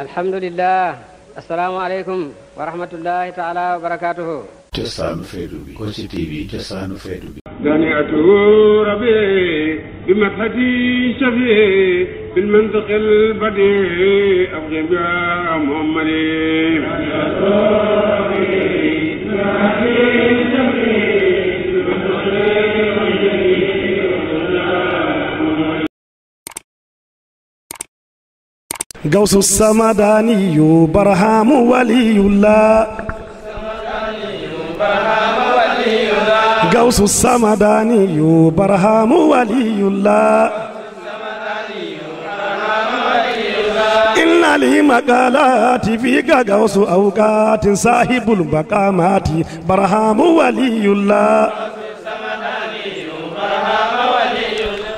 الحمد لله السلام عليكم ورحمة الله تعالى وبركاته جسان فيدوبي كوشي تي في جسان فيدوبي دنيت ربي بمدحتي شفي في المنطق البديع أبغي يا محمد دنيت ربي بمدحتي شفي غوث السمداني برهام ولي الله غوث السمداني برهام ولي الله إن لي مقالات في غوث أوقات صاحب المقامات برهام ولي الله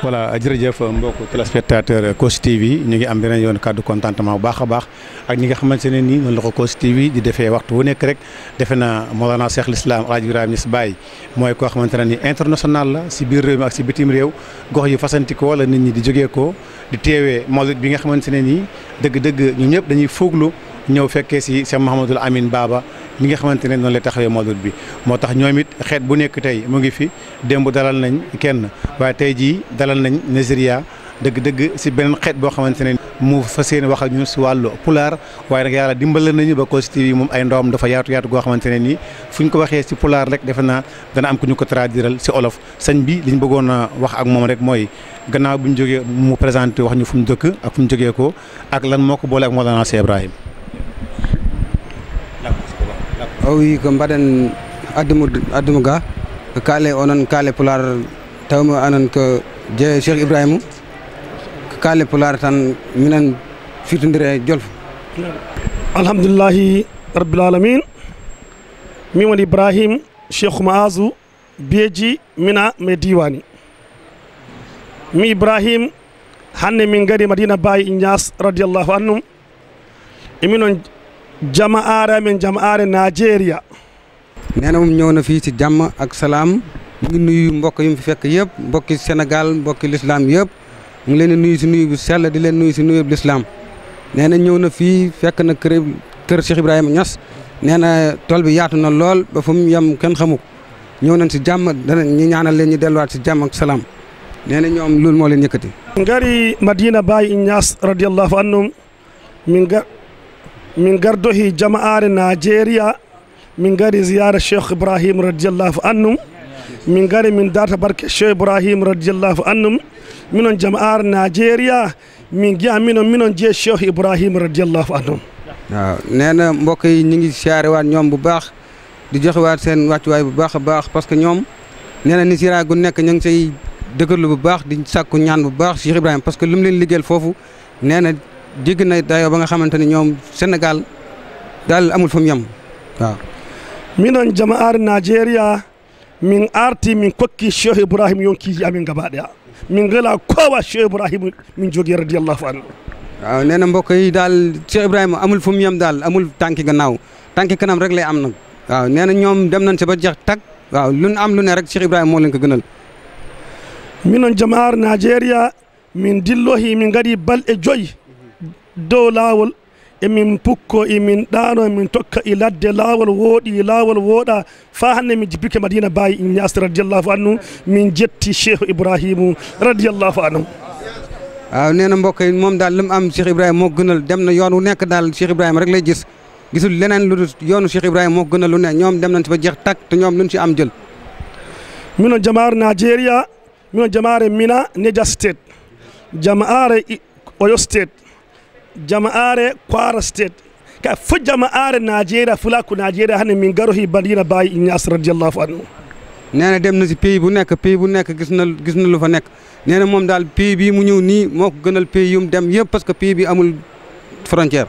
voilà jërëjëf mbokk téléspectateur Kossy TV ñu ngi am beneen yoon kàddu contentement bu baax a baax ak ñi nga xamante ne nii noonu la ko Kossy TV di defee waxtu wu nekk rek defe na Mawlana Cheikh l'Islam Alaaji Ibrahima si Baye mooy koo xamante ne nii international la si biir réew mi ak si bitim réew gox yu fasantikoo la nit ñi di jógee ko di teewee mawlid bi nga xamante ne nii dëgg-dëgg ñu ñëpp dañuy fooglu ñëw fekkee si Cheikh Mouhamadul Amine Baba mi nga xamante ne noonu lay taxawee Mawlud bi moo tax ñoom it xeet bu nekk tey mu ngi fi démb dalal nañ kenn waaye tey jii dalal nañ Nigeria dëgg-dëgg si beneen xeet boo xamante ne mu fas yéene wax ak ñun si wàllu pulaar waaye nag yàlla dimbale nañu ba Kossy TV moom ay ndoom dafa yaatu yaatu goo xamante ne nii fu ñu ko waxee si pulaar rek defe naa dana am ku ñu ko traduiral si olof sañ bi li ñu bëggoon a wax ak moom rek mooy gannaaw bu ñu jógee mu présenté wax ñu fu mu dëkk ak fu mu jógee ko ak lan moo ko boole ak Mawlana Cheikh Ibrahim Awi ko mbaɗen addumu addumu ga ko kaale onon kaale pular tawma anon ko je cheikh ibrahima ko pular tan minan firtodiri jolf jolfo alhamdulillahi rabbil alamin min ibrahim cheikh maazu biyeji mina Mediwani, diwani mi ibrahim Hanne min madina bayi ignas radiallahu annum eminon jama'aare amin jama'aare Najeriya. nee na moom ñëw na fii ci jàmm ak salaam mu ngi nuyu mbokk yi mu fi fekk yëpp mbokki senegal mbokki lislaam yëpp mu ngi leen nuyu si nuyu bu di leen nuyu si nuyu bu lislaam nee na ñëw na fii fekk na kër kër Cheikh Ibrahima Niass nee na tool bi yaatu na lool ba fu mu yem kenn xamu ñëw nañ si jàmm danañ ñu ñaanal leen ñu delluwaat ci jàmm ak salaam nee na ñoom loolu moo leen yëkkati. ngari Madina Baye Niass radiyallahu anhum min gardohi jama'are nijeria min gari ziyara cheikh ibrahima radiallahu annum min gari min data barke cheikh ibrahima radiallahu annum minon jama'are nijeria min giya minon minon jeeyi cheikh ibrahima radiallahu annum waaw nee na mbokk yi ñu ngi siyaare waat ñoom bu baax di joxewaat seen wàccuwaay bu baax a baax parce que ñoom nee na Missirah nekk ñu ngi say dëgërlu bu baax di sàkku ñaan bu baax Cheikh Ibrahima parce que lu mu leen liggéeyal foofu nee na jéggi na ba nga xamante ni ñoom Sénégal daal amul fu mu yem waaw minon jama'ar Najeriya min arti min kokki Cheikh Ibrahim yonkiji amin gaba min gala kowa Cheikh Ibrahim min jogi radiyallahu anhu waaw nee na mbokk yi daal Cheikh Ibrahima amul fu mu daal amul tànki gannaaw tànki kanam rek lay am na waaw nee na ñoom dem nañ ci ba jeex tag waaw lu am lu ne rek Cheikh Ibrahima moo leen ko gënal minon jama'ar Najeriya min dillohi min gadi balɗe joyi dow laawol emin pukko emin ɗano emin tokka e ladde laawol wooɗi laawol wooɗa fa hannde min jibbike madina bayi ibni asd radiallahu anhu min jetti cheikhu ibrahimu radiallahu anhu waaw nee na mbokk yi moom daal li am Cheikh Ibrahima moo gënal dem na yoon wu nekk daal Cheikh Ibrahima rek lay gis gisul leneen lu dul yoonu Cheikh Ibrahima moo gënal lu ne ñoom dem nañ si ba jeex tak te ñoom luñ si am jël mino jamaare Nigeria mino jamaare Mina Niger jama'are kwara state ka fo jama'are najeriya fulaku najeriya hane min garohi badina bayi in yas radiallahu anhu nee dem na si pays bu nekk pays bu nekk gis na gis na lu fa nekk nee na moom daal pays bii mu ñëw nii moo ko gënal pays yu mu dem yëpp parce que pays bi amul frontière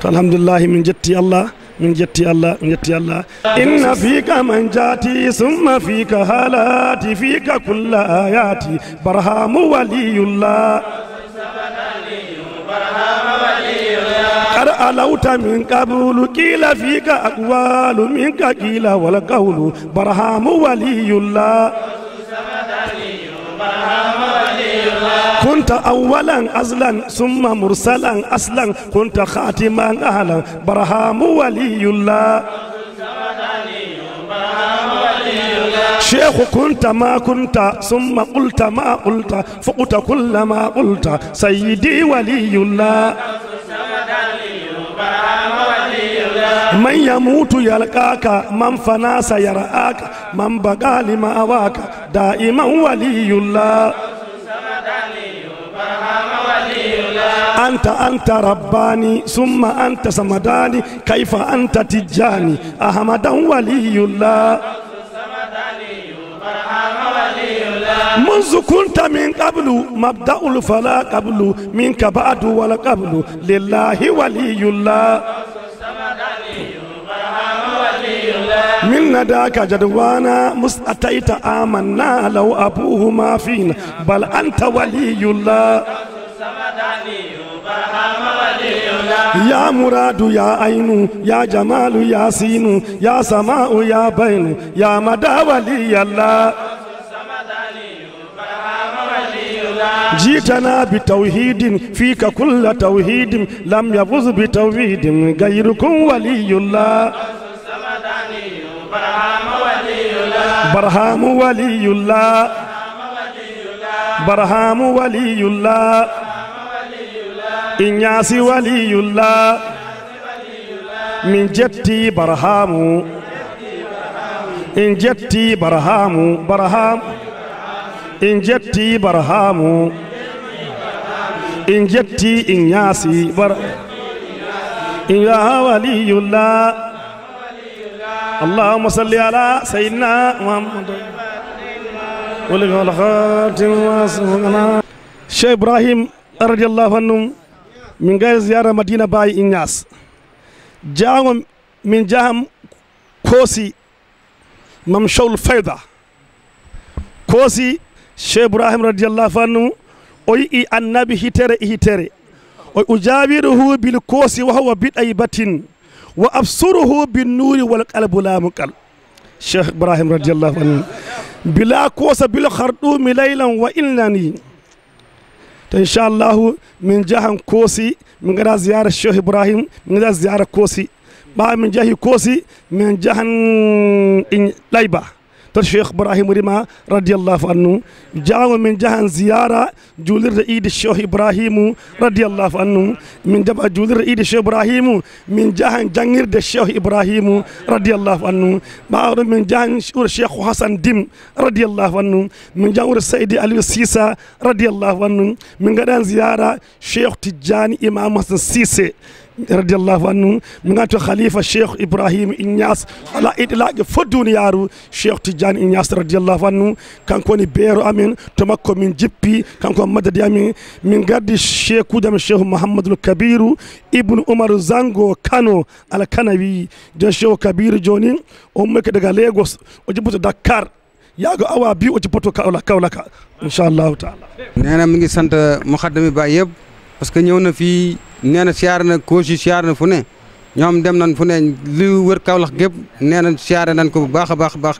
to alhamdulillahi min jetti allah min jetti allah min jetti allah inna fika man jaati summa fika halati fika kulla ayati barhamu waliyullah قد علوت من قبل كيل فيك أقوال منك قيل والقول برهام ولي الله كنت أولا أزلا ثم مرسلا أصلا كنت خاتما أهلا برهام ولي الله شيخ كنت ما كنت ثم قلت ما قلت فقلت كل ما قلت سيدي ولي الله من يموت يلقاك من فناس يرآك من ما أواك دائما ولي الله أنت أنت رباني ثم أنت سمداني كيف أنت تجاني أحمد ولي الله منذ كنت من قبل مبدأ فلا قبل منك بعد ولا قبل لله ولي الله من نداك جدوانا مستأتيت آمنا لو أبوهما فينا بل أنت ولي الله يا مراد يا عين يا جمال يا سين يا سماء يا بين يا مدى ولي الله جيتنا بتوحيد فيك كل توحيد لم يفز بتوحيد غيركم ولي الله برهام ولي الله برهام ولي الله إنياسي ولي الله من جتي برهام إن جتي برهام برهام إن جتي برهام إن جدي إنياسي بر يا ولي الله اللهم صل على سيدنا محمد ولقال خاتم واسمنا شيخ إبراهيم رضي الله عنه من غير زيارة مدينة باي إنياس جاءهم من جاهم كوسي ممشو الفيضة كوسي شيخ إبراهيم رضي الله عنه أي النبي هتري هتري وأجابره بالكوسي وهو بدأي باتين وأبصره بالنور والقلب لا مقل شيخ إبراهيم رضي الله عنه بلا كوس بلا خرطوم ليلا وإنني إن شاء الله من جهة كوسي من غير زيارة الشيخ إبراهيم من غير زيارة كوسي بعد من جهة كوسي من جهة لايبه الشيخ إبراهيم ريما رضي الله عنه جاءوا من جهان زيارة جولر عيد الشيخ إبراهيم رضي الله عنه من جبع جولر عيد الشيخ إبراهيم من جهان جانير ده الشيخ إبراهيم رضي الله عنه بعض من جهان الشيخ حسن ديم رضي الله عنه من جهان السيد علي سيسا رضي الله عنه من جهان زيارة شيخ تجاني إمام حسن سيسي radiallahu anhu mi ganto khalifa cheikh ibrahima ignas ala iɗlaƴo fo duniyaru cheikh tidiane ignas radiallahu anhu kanko woni beero amen to makko min jippi kanko madadi amin min gaddi cheikhuji amen kabiru ibnu oumar zango kano ala kanawi jon kabiru joni o ummoyke daga lagos o jippoto dakar yaago awa bi o jippoto kawla kawlaka inchallahu taala parce que ñëw na fii nee na siyaare na Kossy siyaare na fu ne ñoom dem nañ fu ne li wër Kaolack gépp nee na siyaare nañ ko bu baax a baax baax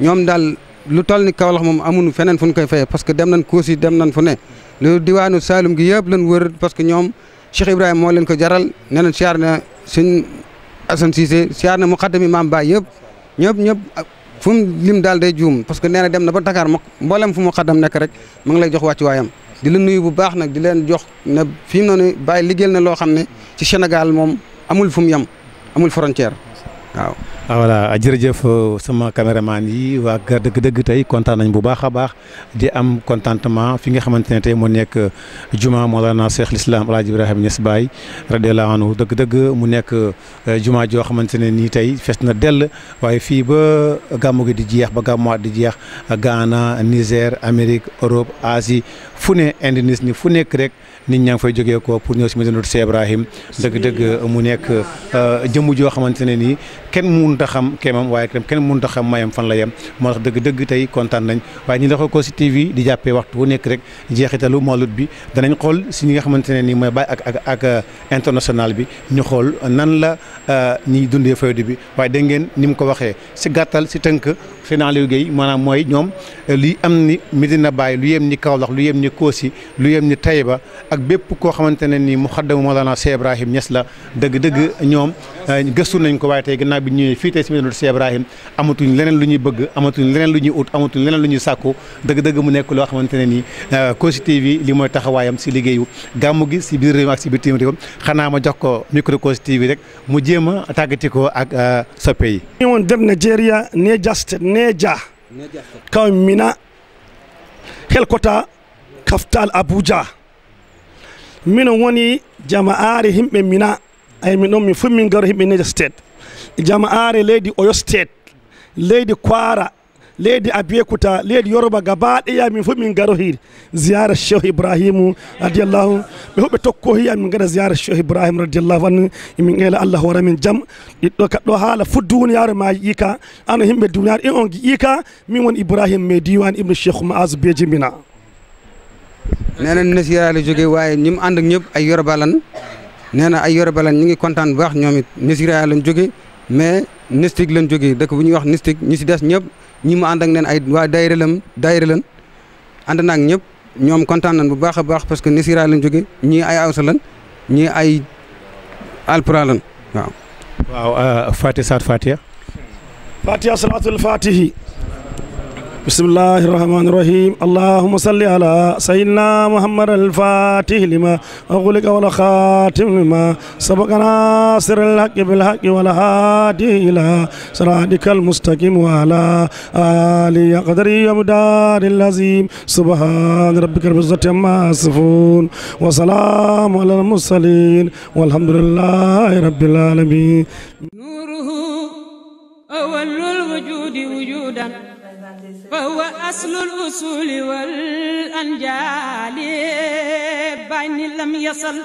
ñoom daal lu toll ni Kaolack moom amuñu feneen fu ñu koy fayee parce que dem nañ Kossy dem nañ fu ne lu diwaanu Saalum gi yëpp lañ wër parce que ñoom Cheikh ibrahim moo leen ko jaral nee na na sëñ Assane Cissé siyaare na mu maam Baay yëpp ñëpp ñëpp fu mu lim daal day juum parce que nee dem na ba Dakar moom mboolem fu mu xaddam nekk rek mu ngi lay jox wàccuwaayam di la nuyu bu baax nag di leen jox ne fi mu ne bàyyi liggéeyal na loo xam ne ci Sénégal moom amul fu mu yem amul frontière Ah, voilà ah, jërëjëf euh, sama caméraman yi waa kër dëgg-dëgg tey kontaan nañ bu baax a baax di am contentement fi nga xamante ne tey mu nekk euh, juma Mawlana Cheikh Lislam El Hadj Ibrahima Niass Baye radiyallahu anhu dëgg-dëgg mu nekk euh, juma joo xamante ne nii tey fes na dell waaye fii ba gàmmu gi di jeex ba gàmmuwaat di jeex Ghana Niger Amérique Europe Asie fu ne Indonésie ni fu nekk rek nit ñaa ngi fay jógee ko pour ñëw si Medinatu Cheikh Ibrahim dëgg-dëgg mu nekk jëmm joo xamante ne nii kenn mu mënut a xam kéemam waaye tam kenn mënut a xam mayam fan la yem moo tax dëgg-dëgg tey kontaan si ñi nga xamante ne nii mooy bàyyi ak ak ak euh, bi ñu xool nan la euh, ñiy dundee faydu bi waaye dégg ngeen ni mu ko waxee si gàttal si tënk Seydina Aliou Guèye maanaam mooy ñoom euh, li am ni Medina Baye lu yem ni Kaolack lu yem ni Koosi lu yem ni Taïba ak bépp koo xamante ne nii mu xaddamu Mawlana Cheikh Ibrahim Niass la dëgg-dëgg ñoom gëstu nañ ko waaye tey gannaaw bi ñëwee fii tey si Cheikh Ibrahim amatuñ leneen lu ñuy bëgg amatuñ leneen lu ñuy ut amatuñ leneen lu ñuy sàkku dëgg-dëgg mu nekk loo xamante ne nii euh, TV li mooy taxawaayam si liggéeyu gàmmu gi si biir réew ak si bitim réew xanaa ma jox ko micro Kossy TV rek mu jéem a tàggatikoo ak euh, soppe yi ñëwoon dem Nigeria nejast neja kaw mina helkota kaftal Abuja mino woni jama'aare himɓe mina aymi noon mi fof min garo himɓe neja state jamaare leydi oyo state leydi kwara leydi abiyekuta leydi yoruba gaba ɗeya min fof min garohiri ziyara cheikh ibrahimu radiallahu ɓe hoɓe tokko min gaɗa ziyara cheikh ibrahima min eela ɗiɗɗo ka ɗo haala duniyaru ma yiika ano himɓe duniyaru in on yiika min woni ibrahima me diwan ibnu cheikh maas beji nee na ay Yoroba lañ ñu ngi kontaan bu baax ñoom it Missirah lañ jóge mais Nistig lañ jógee dëkk bu ñuy wax Nistig ñu si des ñëpp ñi mu ànd ak leen ay waa daayira lam daayira lañ ànd naag ñëpp ñoom kontaan nañ bu baax a baax parce que Missirah lañ jóge ñii ay Awsa lañ ñii ay Alpura lañ waaw. waaw euh, Fatiha Saat Fatiha. Fatiha salaatul Fatihi. بسم الله الرحمن الرحيم اللهم صل على سيدنا محمد الفاتح لما أغلق ولا خاتم لما سبق ناصر الحق بالحق ولا هادي إلى صراطك المستقيم وعلى آله قدري ومدار العظيم سبحان ربك رب العزة عما يصفون وسلام على المرسلين والحمد لله رب العالمين نوره أول الوجود وجودا فهو أصل الأصول والأنجال بين لم يصل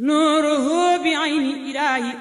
نوره بعين إلهي